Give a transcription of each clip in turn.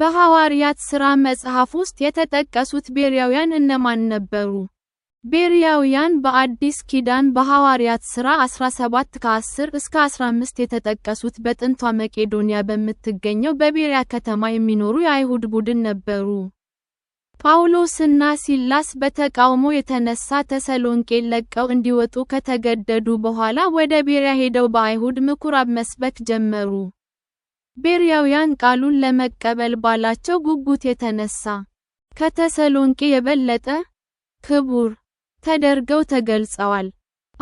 በሐዋርያት ሥራ መጽሐፍ ውስጥ የተጠቀሱት ቤርያውያን እነማን ነበሩ? ቤርያውያን በአዲስ ኪዳን በሐዋርያት ሥራ 17 ከ10 እስከ 15 የተጠቀሱት በጥንቷ መቄዶንያ በምትገኘው በቤርያ ከተማ የሚኖሩ የአይሁድ ቡድን ነበሩ። ጳውሎስና ሲላስ በተቃውሞ የተነሳ ተሰሎንቄን ለቀው እንዲወጡ ከተገደዱ በኋላ ወደ ቤርያ ሄደው በአይሁድ ምኩራብ መስበክ ጀመሩ። ቤርያውያን ቃሉን ለመቀበል ባላቸው ጉጉት የተነሳ ከተሰሎንቄ የበለጠ ክቡር ተደርገው ተገልጸዋል።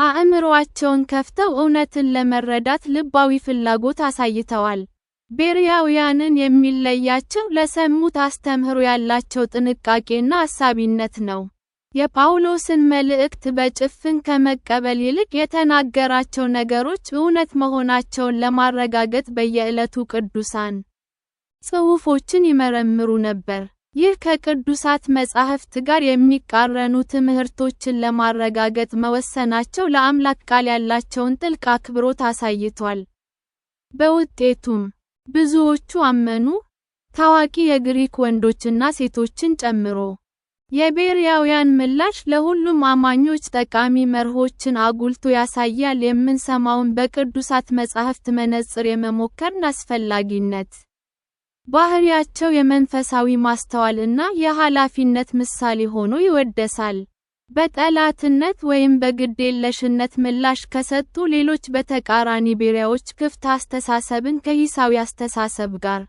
አእምሮአቸውን ከፍተው እውነትን ለመረዳት ልባዊ ፍላጎት አሳይተዋል። ቤርያውያንን የሚለያቸው ለሰሙት አስተምህሮ ያላቸው ጥንቃቄና አሳቢነት ነው። የጳውሎስን መልእክት በጭፍን ከመቀበል ይልቅ የተናገራቸው ነገሮች እውነት መሆናቸውን ለማረጋገጥ በየዕለቱ ቅዱሳን ጽሑፎችን ይመረምሩ ነበር። ይህ ከቅዱሳት መጻሕፍት ጋር የሚቃረኑ ትምህርቶችን ለማረጋገጥ መወሰናቸው ለአምላክ ቃል ያላቸውን ጥልቅ አክብሮት አሳይቷል። በውጤቱም፣ ብዙዎቹ አመኑ፣ ታዋቂ የግሪክ ወንዶችና ሴቶችን ጨምሮ። የቤርያውያን ምላሽ ለሁሉም አማኞች ጠቃሚ መርሆችን አጉልቶ ያሳያል። የምንሰማውን በቅዱሳት መጻሕፍት መነጽር የመሞከርን አስፈላጊነት፣ ባህሪያቸው የመንፈሳዊ ማስተዋል እና የኃላፊነት ምሳሌ ሆኖ ይወደሳል። በጠላትነት ወይም በግዴለሽነት ምላሽ ከሰጡ ሌሎች በተቃራኒ ቤርያዎች ክፍት አስተሳሰብን ከሂሳዊ አስተሳሰብ ጋር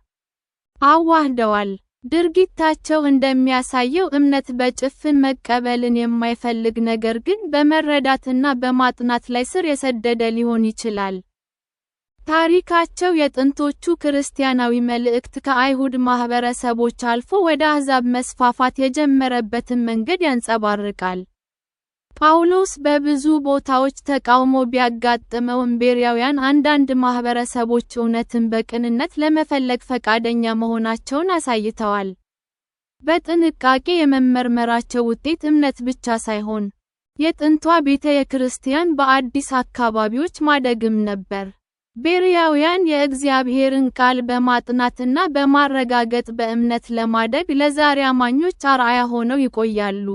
አዋህደዋል። ድርጊታቸው እንደሚያሳየው እምነት በጭፍን መቀበልን የማይፈልግ ነገር ግን በመረዳትና በማጥናት ላይ ስር የሰደደ ሊሆን ይችላል። ታሪካቸው የጥንቶቹ ክርስቲያናዊ መልእክት ከአይሁድ ማኅበረሰቦች አልፎ ወደ አሕዛብ መስፋፋት የጀመረበትን መንገድ ያንጸባርቃል። ጳውሎስ በብዙ ቦታዎች ተቃውሞ ቢያጋጥመው ቤርያውያን አንዳንድ ማኅበረሰቦች እውነትን በቅንነት ለመፈለግ ፈቃደኛ መሆናቸውን አሳይተዋል። በጥንቃቄ የመመርመራቸው ውጤት እምነት ብቻ ሳይሆን፣ የጥንቷ ቤተ ክርስቲያን በአዲስ አካባቢዎች ማደግም ነበር። ቤሪያውያን የእግዚአብሔርን ቃል በማጥናትና በማረጋገጥ በእምነት ለማደግ ለዛሬ አማኞች አርአያ ሆነው ይቆያሉ።